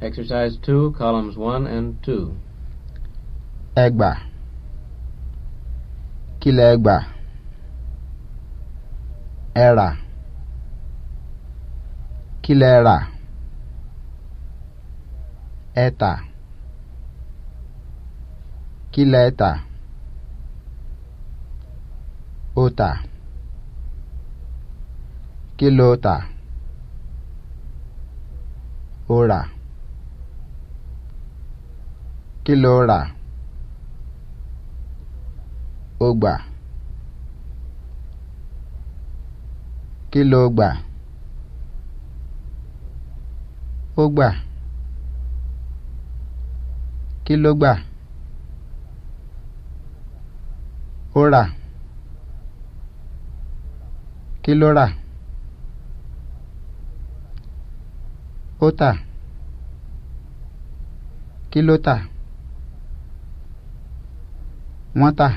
Exercise 2, columns 1 and 2. Egba. Kile egba. Era. Kile era. Eta. Kile eta. Ota. Kilota. Ora. Kí lo rà? O gbà. Kí lo gbà? Ó gbà. Kí ló gbà? Ó rà. Kí ló rà? Ó tà. Kí ló tà? wọ́n tà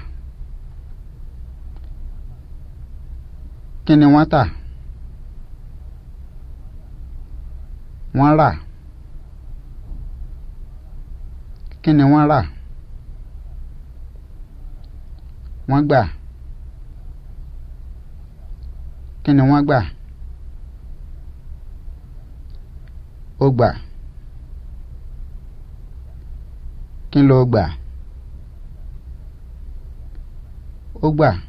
kí ni wọ́n tà wọ́n rà kí ni wọ́n rà wọ́n gbà kí ni wọ́n gbà ó gbà ó gbà